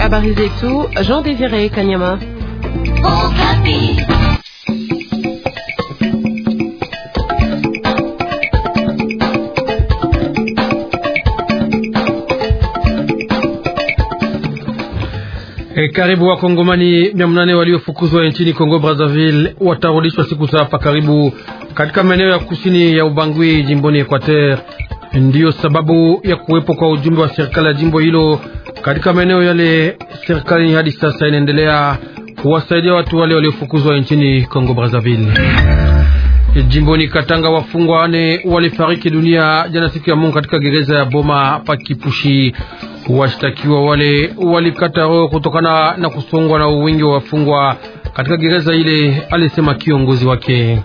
Habari zetu Jean Désiré Kanyama. E, karibu wakongomani mia mnane waliofukuzwa nchini Kongo Brazzaville watarudishwa siku za hapa karibu katika maeneo ya kusini ya Ubangui jimboni Equateur Ndiyo sababu ya kuwepo kwa ujumbe wa serikali ya jimbo hilo katika maeneo yale. Serikali hadi sasa inaendelea kuwasaidia watu wale waliofukuzwa nchini Kongo Brazzaville. Jimboni Katanga, wafungwa wane walifariki dunia jana siku ya Mungu katika gereza ya Boma pa Kipushi. Washtakiwa wale walikata roho kutokana na kusongwa na uwingi wa wafungwa katika gereza ile, alisema kiongozi wake.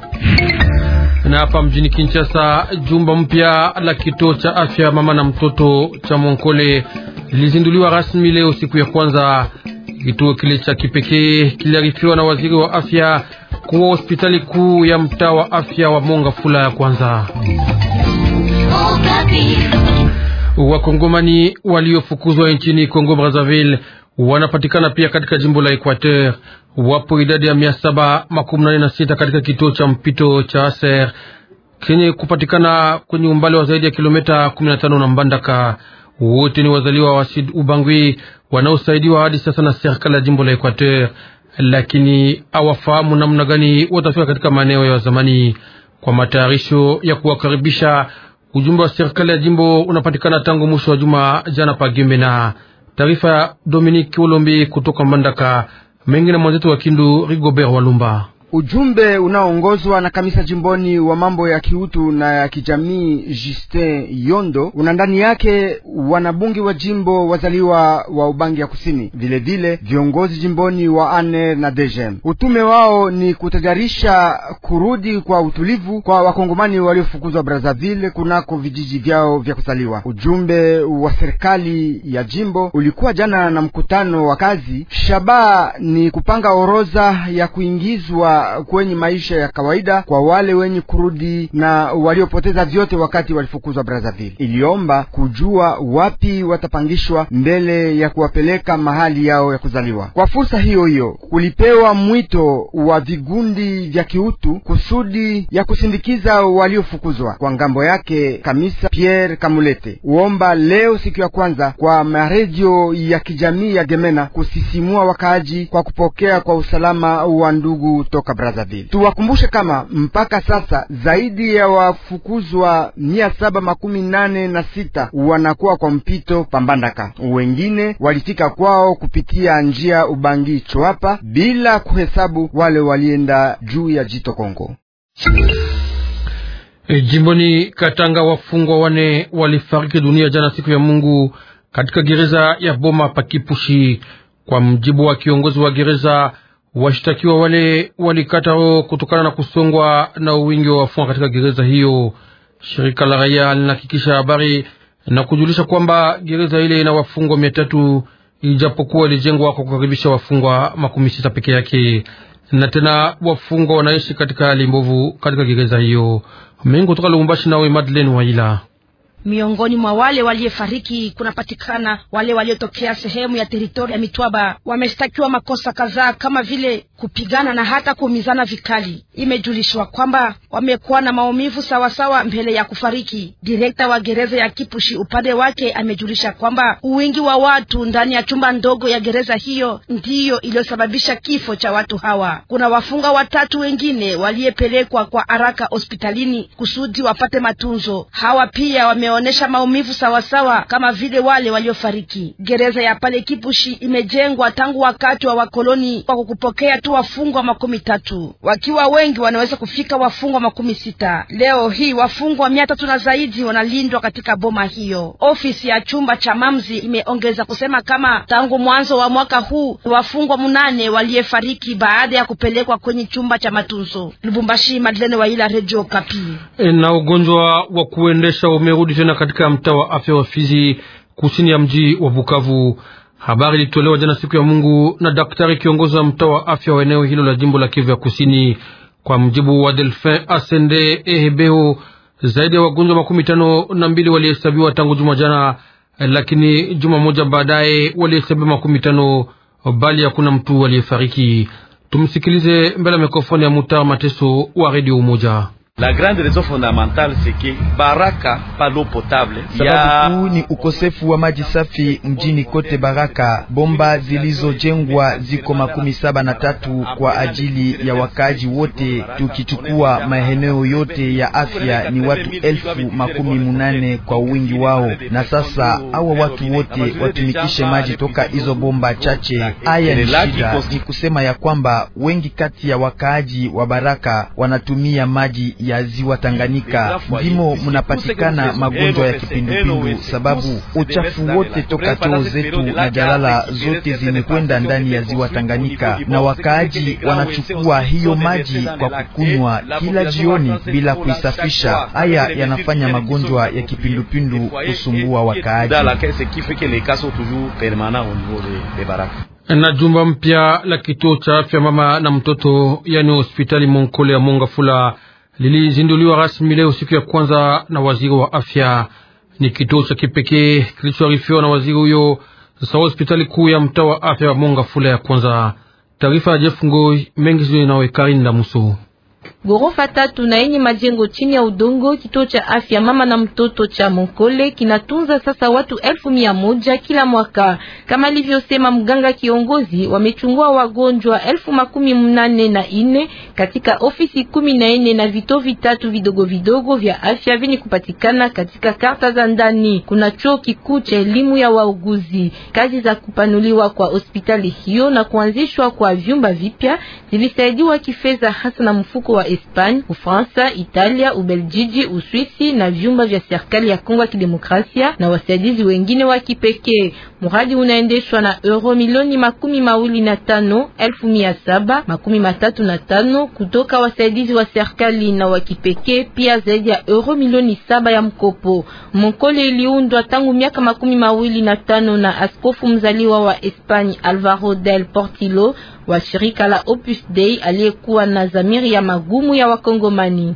Na hapa mjini Kinshasa, jumba mpya la kituo cha afya mama na mtoto cha Monkole lilizinduliwa rasmi leo siku ya kwanza. Kituo kile cha kipekee kiliarifiwa na waziri wa afya kuwa hospitali kuu ya mtaa wa afya wa Monga Fula ya kwanza. Oh, Wakongomani waliofukuzwa nchini Kongo Brazzaville wanapatikana pia katika jimbo la Equateur. Wapo idadi ya mia saba makumi nane na sita katika kituo cha mpito cha Aser kenye kupatikana kwenye umbali wa zaidi ya kilomita kumi na tano na Mbandaka. Wote ni wazaliwa wa Sud Ubangui wanaosaidiwa hadi sasa na serikali ya jimbo la Equateur, lakini awafahamu namna gani watafika katika maeneo ya zamani kwa matayarisho ya kuwakaribisha. Ujumbe wa serikali ya jimbo unapatikana tangu mwisho wa juma jana pa Gembe na Taarifa ya Dominique Olombi kutoka Mbandaka, mengi na mwenzetu wa Kindu Rigobert Walumba. Ujumbe unaoongozwa na kamisa jimboni wa mambo ya kiutu na ya kijamii Justin Yondo una ndani yake wanabungi wa jimbo wazaliwa wa Ubangi ya Kusini, vilevile vile, viongozi jimboni wa ANER na DGM. Utume wao ni kutajarisha kurudi kwa utulivu kwa wakongomani waliofukuzwa Brazzaville kunako vijiji vyao vya kuzaliwa. Ujumbe wa serikali ya jimbo ulikuwa jana na mkutano wa kazi. Shabaha ni kupanga orodha ya kuingizwa kwenye maisha ya kawaida kwa wale wenye kurudi na waliopoteza vyote wakati walifukuzwa Brazzaville. Iliomba kujua wapi watapangishwa mbele ya kuwapeleka mahali yao ya kuzaliwa. Kwa fursa hiyo hiyo kulipewa mwito wa vigundi vya kiutu kusudi ya kusindikiza waliofukuzwa. Kwa ngambo yake, Kamisa Pierre Kamulete uomba leo siku ya kwanza kwa maredio ya kijamii ya Gemena kusisimua wakaaji kwa kupokea kwa usalama wa ndugu toka kutoka Brazzaville. Tuwakumbushe kama mpaka sasa zaidi ya wafukuzwa mia saba makumi nane na sita wanakuwa kwa mpito Pambandaka, wengine walifika kwao kupitia njia Ubangi Chwapa, bila kuhesabu wale walienda juu ya jito Kongo. E, jimboni Katanga wafungwa wane walifariki dunia jana siku ya Mungu katika gereza ya Boma pakipushi, kwa mjibu wa kiongozi wa gereza Washtakiwa wale walikatao kutokana na kusongwa na uwingi wa wafungwa katika gereza hiyo. Shirika la raia linahakikisha habari na kujulisha kwamba gereza ile ina wafungwa mia tatu ijapokuwa ilijengwa kwa kukaribisha wafungwa makumi sita peke yake, na tena wafungwa wanaishi katika hali mbovu katika gereza hiyo. Mengi kutoka Lubumbashi, nawe Madeleine Waila. Miongoni mwa wale waliyefariki kunapatikana wale waliotokea sehemu ya teritoria ya Mitwaba. Wameshtakiwa makosa kadhaa kama vile kupigana na hata kuumizana vikali. Imejulishwa kwamba wamekuwa na maumivu sawasawa mbele ya kufariki. Direkta wa gereza ya Kipushi upande wake amejulisha kwamba uwingi wa watu ndani ya chumba ndogo ya gereza hiyo ndiyo iliyosababisha kifo cha watu hawa. Kuna wafunga watatu wengine waliyepelekwa kwa haraka hospitalini kusudi wapate matunzo. Hawa pia wame wameonyesha maumivu sawasawa kama vile wale waliofariki. Gereza ya pale Kipushi imejengwa tangu wakati wa wakoloni kwa kukupokea tu wafungwa makumi tatu, wakiwa wengi wanaweza kufika wafungwa makumi sita. Leo hii wafungwa mia tatu na zaidi wanalindwa katika boma hiyo. Ofisi ya chumba cha mamzi imeongeza kusema kama tangu mwanzo wa mwaka huu wafungwa munane waliyefariki baada ya kupelekwa kwenye chumba cha matunzo. Lubumbashi, Madlene Waila, Radio Kapi. E, na ugonjwa wa kuendesha umerudi na katika mtaa wa afya wa Fizi kusini ya mji wa Bukavu. Habari ilitolewa jana siku ya Mungu na daktari kiongozi wa mtaa wa afya wa eneo hilo la jimbo la Kivu ya Kusini. Kwa mjibu wa Delfin Asende Ehebeo, zaidi ya wagonjwa makumi tano na mbili walihesabiwa tangu juma jana, lakini juma moja baadaye walihesabiwa makumi tano bali hakuna mtu aliyefariki. Tumsikilize mbele ya mikrofoni ya Mutar Mateso wa Redio Umoja. La grande raison fondamentale c'est que Baraka pa l'eau potable. Sababu kuu ni ukosefu wa maji safi mjini kote Baraka. Bomba zilizojengwa ziko makumi saba na tatu kwa ajili ya wakaaji wote, tukichukua maeneo yote ya afya ni watu elfu makumi munane kwa wingi wao, na sasa hawa watu wote watumikishe maji toka hizo bomba chache. Haya ni shida, ni kusema ya kwamba wengi kati ya wakaaji wa Baraka wanatumia maji ya ziwa Tanganyika ndimo munapatikana magonjwa ya kipindupindu, sababu uchafu wote toka choo zetu na jalala zote zimekwenda ndani ya ziwa Tanganyika, na wakaaji wanachukua hiyo maji kwa kukunywa kila jioni bila kuisafisha. Haya yanafanya magonjwa ya kipindupindu kusumbua wakaaji na jumba mpya la kituo cha afya mama na mtoto, yani hospitali Monkole ya Mongafula lilizinduliwa rasmi leo siku ya kwanza na waziri wa afya. Ni kituo cha kipekee kilichoarifiwa na waziri huyo sawa hospitali kuu ya mtaa wa afya wa Monga Fula ya kwanza. Taarifa ya Jeff Ngoi mengi zile nawe Karinda Gorofa tatu na yenye majengo chini ya udongo. Kituo cha afya mama na mtoto cha Monkole kinatunza sasa watu elfu mia moja kila mwaka, kama alivyosema mganga kiongozi. Wamechungua wagonjwa elfu makumi mnane na ine katika ofisi kumi na ine na vituo vitatu vidogo vidogo vya afya vyenye kupatikana katika karta za ndani. Kuna chuo kikuu cha elimu ya wauguzi. Kazi za kupanuliwa kwa hospitali hiyo na kuanzishwa kwa vyumba vipya zilisaidiwa kifedha hasa na mfuko wa Espagne, Ufransa, Italia, Ubeljiji, Uswisi na vyumba vya serikali ya Kongo ya Kidemokrasia na wasaidizi wengine wa kipekee. Mradi unaendeshwa na euro milioni makumi mawili na tano elfu mia saba makumi matatu na tano kutoka wasaidizi wa serikali na wa kipekee, pia zaidi ya euro milioni saba ya mkopo. Mkole iliundwa tangu miaka makumi mawili na tano na askofu mzaliwa wa Espagne Alvaro del Portillo wa shirika la Opus Dei aliyekuwa na zamiri ya magu magumu ya Wakongomani.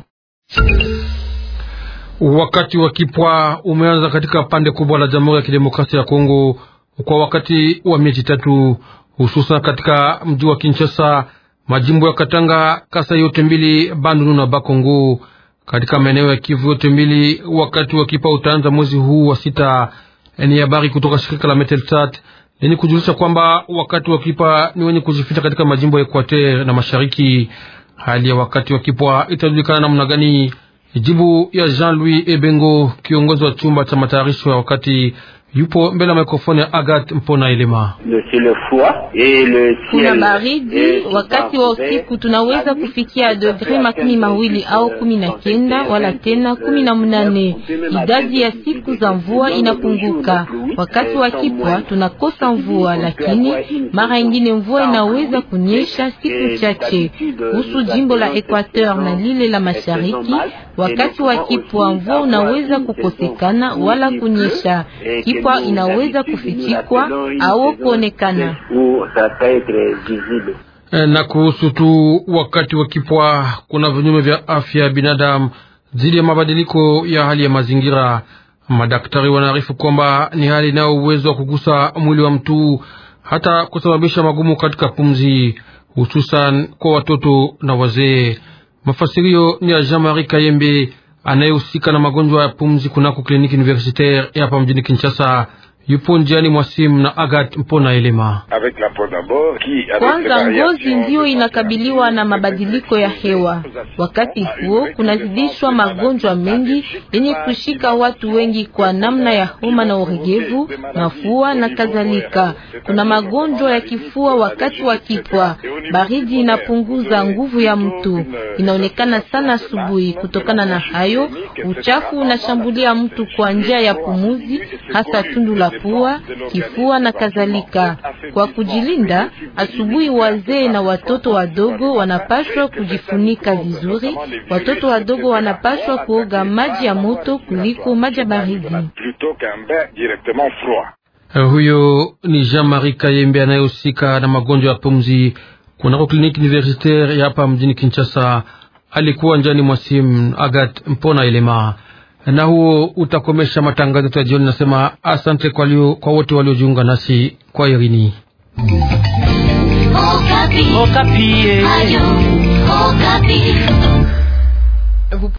Wakati wa kipwa umeanza katika pande kubwa la Jamhuri ya Kidemokrasia ya Kongo kwa wakati wa miezi tatu, hususan katika mji wa Kinshasa, majimbo ya Katanga, Kasai yote mbili, Bandundu na Bakongo. Katika maeneo ya Kivu yote mbili, wakati wa kipwa utaanza mwezi huu wa sita. Ni habari kutoka shirika la Metelsat lenye kujulisha kwamba wakati wa kipwa ni wenye kujificha katika majimbo ya Equateur na Mashariki. Hali ya wakati wa kipwa itajulikana namna gani? Jibu ya Jean Louis Ebengo, kiongozi wa chumba cha matayarisho ya wakati yupo mbele ya mikrofoni ya Agat Mpona Elema. Kuna baridi wakati wa usiku, tunaweza kufikia degre makumi mawili au kumi na kenda wala tena kumi na mnane. Idadi ya siku za mvua inapunguka. Wakati wa kipwa tunakosa mvua, lakini mara ingine mvua inaweza kunyesha siku chache. Kuhusu jimbo la Equateur na lile la mashariki Wakati wa kipwa mvua unaweza kukosekana wala kunyesha. Kipwa inaweza kufichikwa au kuonekana. Eh, na kuhusu tu wakati wa kipwa, kuna vinyume vya afya ya binadamu dhidi ya mabadiliko ya hali ya mazingira. Madaktari wanaarifu kwamba ni hali inayo uwezo wa kugusa mwili wa mtu hata kusababisha magumu katika pumzi, hususan kwa watoto na wazee. Mafasirio ni ya Jean-Marie Kayembe anayehusika na magonjwa ya pumzi kunako kliniki universitaire hapa mjini Kinshasa yupo njiani mwa simu na Agat Mpona Elema. Kwanza, ngozi ndiyo inakabiliwa na mabadiliko ya hewa. Wakati huo kunazidishwa magonjwa mengi yenye kushika watu wengi kwa namna ya homa na uregevu, mafua na kadhalika. Kuna magonjwa ya kifua wakati wa kipwa. Baridi inapunguza nguvu ya mtu, euh, inaonekana sana asubuhi. Kutokana na hayo, uchafu unashambulia mtu kwa njia ya pumuzi, hasa tundu la mapua, kifua na kadhalika. Kwa kujilinda, asubuhi wazee na watoto wadogo wanapaswa kujifunika vizuri. Watoto wadogo wanapaswa kuoga maji ya moto kuliko maji ya baridi. Eh, huyo ni Jean-Marie Kayembe anayehusika na magonjwa ya pumzi kunako kliniki universitaire ya hapa mjini Kinshasa. Alikuwa njani mwasim Agat Mpona Elema na huo utakomesha matangazo yetu ya jioni. Nasema asante kwa leo kwa wote waliojiunga nasi kwa irini. Okapi. Okapi. Eh.